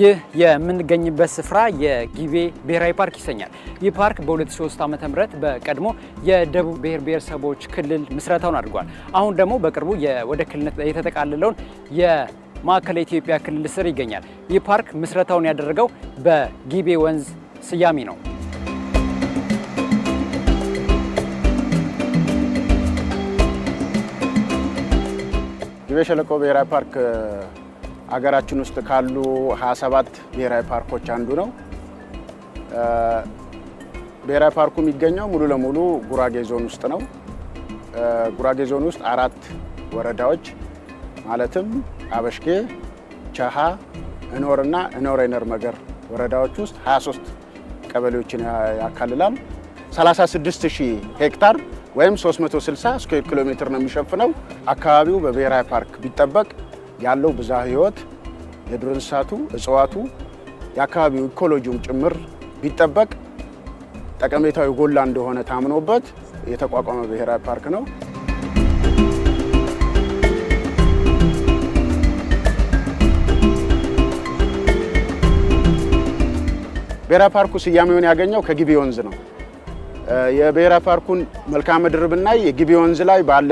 ይህ የምንገኝበት ስፍራ የጊቤ ብሔራዊ ፓርክ ይሰኛል። ይህ ፓርክ በ2003 ዓ ም በቀድሞ የደቡብ ብሔር ብሔረሰቦች ክልል ምስረታውን አድርጓል። አሁን ደግሞ በቅርቡ ወደ ክልልነት የተጠቃለለውን የማዕከላዊ ኢትዮጵያ ክልል ስር ይገኛል። ይህ ፓርክ ምስረታውን ያደረገው በጊቤ ወንዝ ስያሜ ነው። ጊቤ ሸለቆ ብሔራዊ ፓርክ ሀገራችን ውስጥ ካሉ 27 ብሔራዊ ፓርኮች አንዱ ነው። ብሔራዊ ፓርኩ የሚገኘው ሙሉ ለሙሉ ጉራጌ ዞን ውስጥ ነው። ጉራጌ ዞን ውስጥ አራት ወረዳዎች ማለትም አበሽጌ፣ ቸሃ፣ እኖር እኖር አይነር መገር ወረዳዎች ውስጥ 23 ቀበሌዎችን ያካልላል። 36 ሄክታር ወይም 360 ስኩዌር ኪሎ ሜትር ነው የሚሸፍነው። አካባቢው በብሔራዊ ፓርክ ቢጠበቅ ያለው ብዝሃ ህይወት የዱር እንስሳቱ፣ እጽዋቱ፣ የአካባቢው ኢኮሎጂውም ጭምር ቢጠበቅ ጠቀሜታው የጎላ እንደሆነ ታምኖበት የተቋቋመ ብሔራዊ ፓርክ ነው። ብሔራዊ ፓርኩ ስያሜውን ያገኘው ከግቢ ወንዝ ነው። የብሔራዊ ፓርኩን መልክዓ ምድር ብናይ የግቢ ወንዝ ላይ ባለ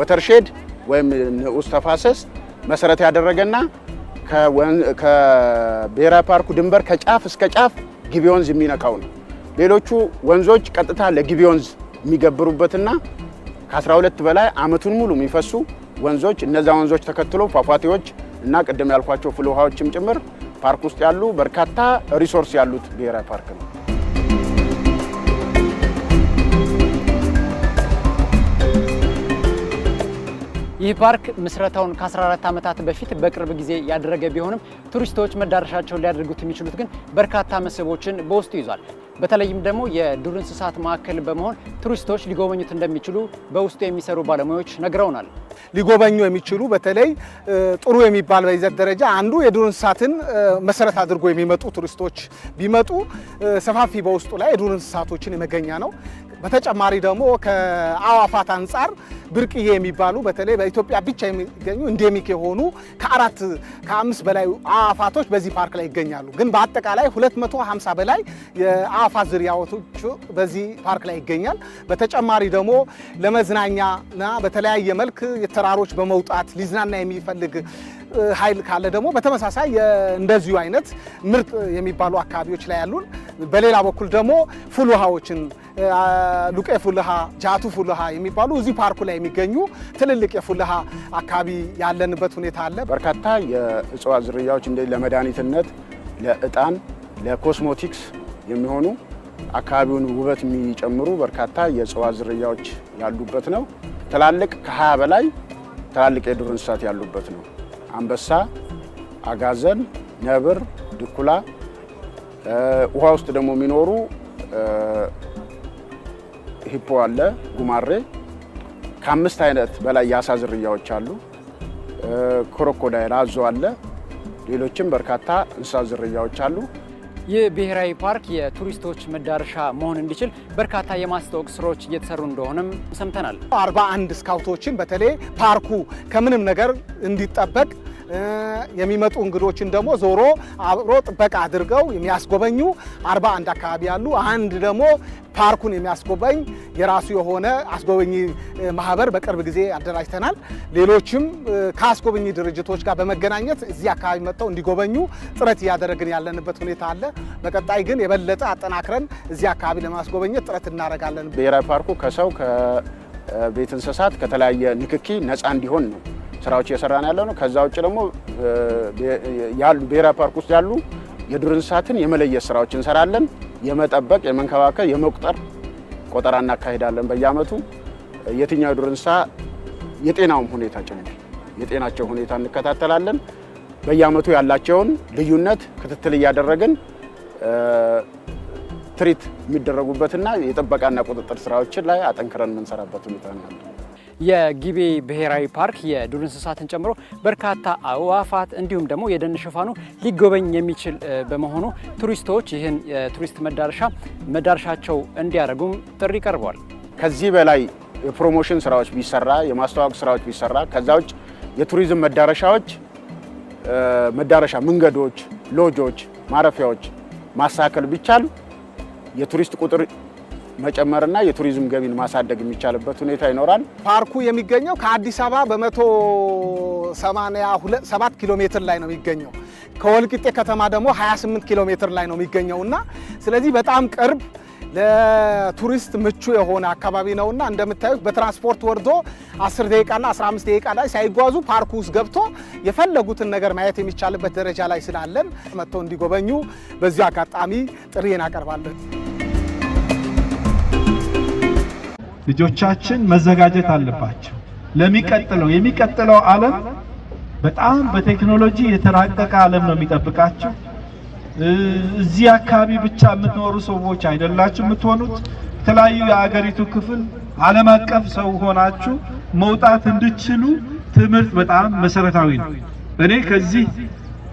ወተርሼድ ወይም ንዑስ ተፋሰስ መሰረት ያደረገና ከብሔራዊ ፓርኩ ድንበር ከጫፍ እስከ ጫፍ ግቢ ወንዝ የሚነካው ነው። ሌሎቹ ወንዞች ቀጥታ ለግቢ ወንዝ የሚገብሩበትና ከ12 በላይ አመቱን ሙሉ የሚፈሱ ወንዞች እነዛ ወንዞች ተከትሎ ፏፏቴዎች እና ቅድም ያልኳቸው ፍል ውሃዎችም ጭምር ፓርክ ውስጥ ያሉ በርካታ ሪሶርስ ያሉት ብሔራዊ ፓርክ ነው። ይህ ፓርክ ምስረታውን ከ14 ዓመታት በፊት በቅርብ ጊዜ ያደረገ ቢሆንም ቱሪስቶች መዳረሻቸውን ሊያደርጉት የሚችሉት ግን በርካታ መስህቦችን በውስጡ ይዟል። በተለይም ደግሞ የዱር እንስሳት ማዕከል በመሆን ቱሪስቶች ሊጎበኙት እንደሚችሉ በውስጡ የሚሰሩ ባለሙያዎች ነግረውናል። ሊጎበኙ የሚችሉ በተለይ ጥሩ የሚባል በይዘት ደረጃ አንዱ የዱር እንስሳትን መሰረት አድርጎ የሚመጡ ቱሪስቶች ቢመጡ ሰፋፊ በውስጡ ላይ የዱር እንስሳቶችን የመገኛ ነው። በተጨማሪ ደግሞ ከአዋፋት አንጻር ብርቅዬ የሚባሉ በተለይ በኢትዮጵያ ብቻ የሚገኙ ኢንዴሚክ የሆኑ ከአራት ከአምስት በላይ አዕዋፋቶች በዚህ ፓርክ ላይ ይገኛሉ። ግን በአጠቃላይ 250 በላይ የአዕዋፋት ዝርያዎቹ በዚህ ፓርክ ላይ ይገኛል። በተጨማሪ ደግሞ ለመዝናኛና በተለያየ መልክ የተራሮች በመውጣት ሊዝናና የሚፈልግ ኃይል ካለ ደግሞ በተመሳሳይ እንደዚሁ አይነት ምርጥ የሚባሉ አካባቢዎች ላይ ያሉን በሌላ በኩል ደግሞ ፉልውሃዎችን ሉቄ ፉልሃ፣ ጃቱ ፉልሃ የሚባሉ እዚህ ፓርኩ ላይ የሚገኙ ትልልቅ የፉልሃ አካባቢ ያለንበት ሁኔታ አለ። በርካታ የእጽዋት ዝርያዎች እንደ ለመድኃኒትነት፣ ለእጣን፣ ለኮስሞቲክስ የሚሆኑ አካባቢውን ውበት የሚጨምሩ በርካታ የእጽዋት ዝርያዎች ያሉበት ነው። ትላልቅ ከ20 በላይ ትላልቅ የዱር እንስሳት ያሉበት ነው። አንበሳ፣ አጋዘን፣ ነብር፣ ድኩላ ውሃ ውስጥ ደግሞ የሚኖሩ ሂፖ አለ፣ ጉማሬ ከአምስት አይነት በላይ የአሳ ዝርያዎች አሉ። ክሮኮዳይል አዞ አለ። ሌሎችም በርካታ እንስሳ ዝርያዎች አሉ። ይህ ብሔራዊ ፓርክ የቱሪስቶች መዳረሻ መሆን እንዲችል በርካታ የማስታወቅ ስራዎች እየተሰሩ እንደሆነም ሰምተናል። አርባ አንድ ስካውቶችን በተለይ ፓርኩ ከምንም ነገር እንዲጠበቅ የሚመጡ እንግዶችን ደግሞ ዞሮ አብሮ ጥበቃ አድርገው የሚያስጎበኙ አርባ አንድ አካባቢ ያሉ አንድ ደግሞ ፓርኩን የሚያስጎበኝ የራሱ የሆነ አስጎበኝ ማህበር በቅርብ ጊዜ አደራጅተናል። ሌሎችም ከአስጎበኝ ድርጅቶች ጋር በመገናኘት እዚህ አካባቢ መጥተው እንዲጎበኙ ጥረት እያደረግን ያለንበት ሁኔታ አለ። በቀጣይ ግን የበለጠ አጠናክረን እዚህ አካባቢ ለማስጎበኘት ጥረት እናደርጋለን። ብሔራዊ ፓርኩ ከሰው ከቤት እንስሳት ከተለያየ ንክኪ ነፃ እንዲሆን ነው ስራዎች እየሰራን ያለ ነው። ከዛ ውጭ ደግሞ ያሉ ብሔራዊ ፓርክ ውስጥ ያሉ የዱር እንስሳትን የመለየት ስራዎች እንሰራለን። የመጠበቅ፣ የመንከባከብ፣ የመቁጠር ቆጠራ እናካሄዳለን በየአመቱ የትኛው የዱር እንስሳ የጤናውም ሁኔታ ጭምር የጤናቸው ሁኔታ እንከታተላለን። በየአመቱ ያላቸውን ልዩነት ክትትል እያደረግን ትሪት የሚደረጉበትና የጥበቃና ቁጥጥር ስራዎችን ላይ አጠንክረን የምንሰራበት ሁኔታ ነው። የጊቤ ብሔራዊ ፓርክ የዱር እንስሳትን ጨምሮ በርካታ አዕዋፋት እንዲሁም ደግሞ የደን ሽፋኑ ሊጎበኝ የሚችል በመሆኑ ቱሪስቶች ይህን የቱሪስት መዳረሻ መዳረሻቸው እንዲያደርጉም ጥሪ ቀርቧል። ከዚህ በላይ የፕሮሞሽን ስራዎች ቢሰራ፣ የማስተዋወቅ ስራዎች ቢሰራ ከዛ ውጭ የቱሪዝም መዳረሻዎች መዳረሻ መንገዶች፣ ሎጆች፣ ማረፊያዎች ማሳከል ቢቻል የቱሪስት ቁጥር መጨመርና የቱሪዝም ገቢን ማሳደግ የሚቻልበት ሁኔታ ይኖራል። ፓርኩ የሚገኘው ከአዲስ አበባ በመቶ ሰማንያ ሰባት ኪሎ ሜትር ላይ ነው የሚገኘው። ከወልቂጤ ከተማ ደግሞ 28 ኪሎ ሜትር ላይ ነው የሚገኘው እና ስለዚህ በጣም ቅርብ ለቱሪስት ምቹ የሆነ አካባቢ እና እንደምታዩት በትራንስፖርት ወርዶ 10 ደቂቃና 15 ደቂቃ ላይ ሳይጓዙ ፓርኩ ውስጥ ገብቶ የፈለጉትን ነገር ማየት የሚቻልበት ደረጃ ላይ ስላለን መጥተው እንዲጎበኙ በዚሁ አጋጣሚ ጥሪዬን አቀርባለን። ልጆቻችን መዘጋጀት አለባቸው ለሚቀጥለው የሚቀጥለው ዓለም በጣም በቴክኖሎጂ የተራቀቀ ዓለም ነው የሚጠብቃቸው። እዚህ አካባቢ ብቻ የምትኖሩ ሰዎች አይደላችሁ የምትሆኑት። የተለያዩ የአገሪቱ ክፍል ዓለም አቀፍ ሰው ሆናችሁ መውጣት እንድችሉ ትምህርት በጣም መሰረታዊ ነው። እኔ ከዚህ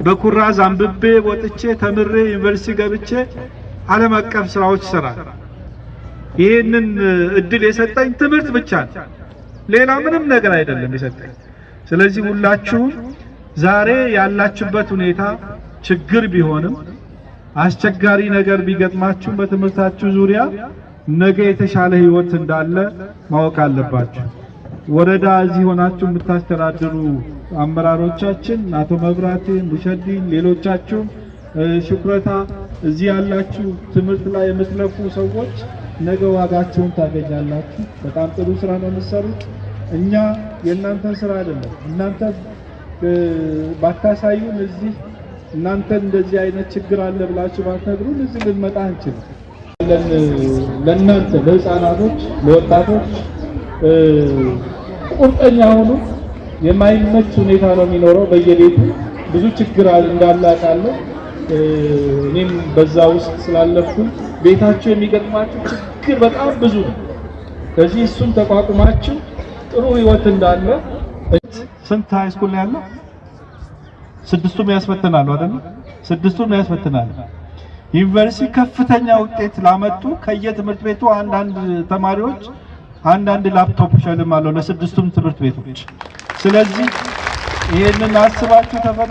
በኩራዝ አንብቤ ወጥቼ ተምሬ ዩኒቨርሲቲ ገብቼ ዓለም አቀፍ ስራዎች ይሰራል ይህንን እድል የሰጠኝ ትምህርት ብቻ ነው። ሌላ ምንም ነገር አይደለም የሰጠኝ። ስለዚህ ሁላችሁም ዛሬ ያላችሁበት ሁኔታ ችግር ቢሆንም አስቸጋሪ ነገር ቢገጥማችሁም በትምህርታችሁ ዙሪያ ነገ የተሻለ ህይወት እንዳለ ማወቅ አለባችሁ። ወረዳ እዚህ ሆናችሁ የምታስተዳድሩ አመራሮቻችን አቶ መብራቴ ሙሸዲን፣ ሌሎቻችሁም ሽኩረታ እዚህ ያላችሁ ትምህርት ላይ የምትለፉ ሰዎች ነገ ዋጋቸውን ታገኛላችሁ። በጣም ጥሩ ስራ ነው የምትሰሩት። እኛ የእናንተን ስራ አይደለም እናንተ ባታሳዩን እዚህ እናንተ እንደዚህ አይነት ችግር አለ ብላችሁ ባትነግሩን እዚህ ልንመጣ አንችልም። ለእናንተ ለህፃናቶች፣ ለወጣቶች ቁርጠኛ ሆኑ። የማይመች ሁኔታ ነው የሚኖረው በየቤቱ ብዙ ችግር እንዳለ እኔም በዛ ውስጥ ስላለፍኩ ቤታቸው የሚገጥማቸው ችግር በጣም ብዙ ነው። ከዚህ እሱን ተቋቁማችን ጥሩ ህይወት እንዳለ ስንት ሃይስኩል ላይ ያለው? ስድስቱም ያስፈትናሉ አይደል? ስድስቱም ያስፈትናሉ። ዩኒቨርሲቲ ከፍተኛ ውጤት ላመጡ ከየትምህርት ቤቱ አንዳንድ ተማሪዎች አንዳንድ ላፕቶፕ ሸልማለሁ ለስድስቱም ትምህርት ቤቶች። ስለዚህ ይህንን አስባችሁ ተፈታ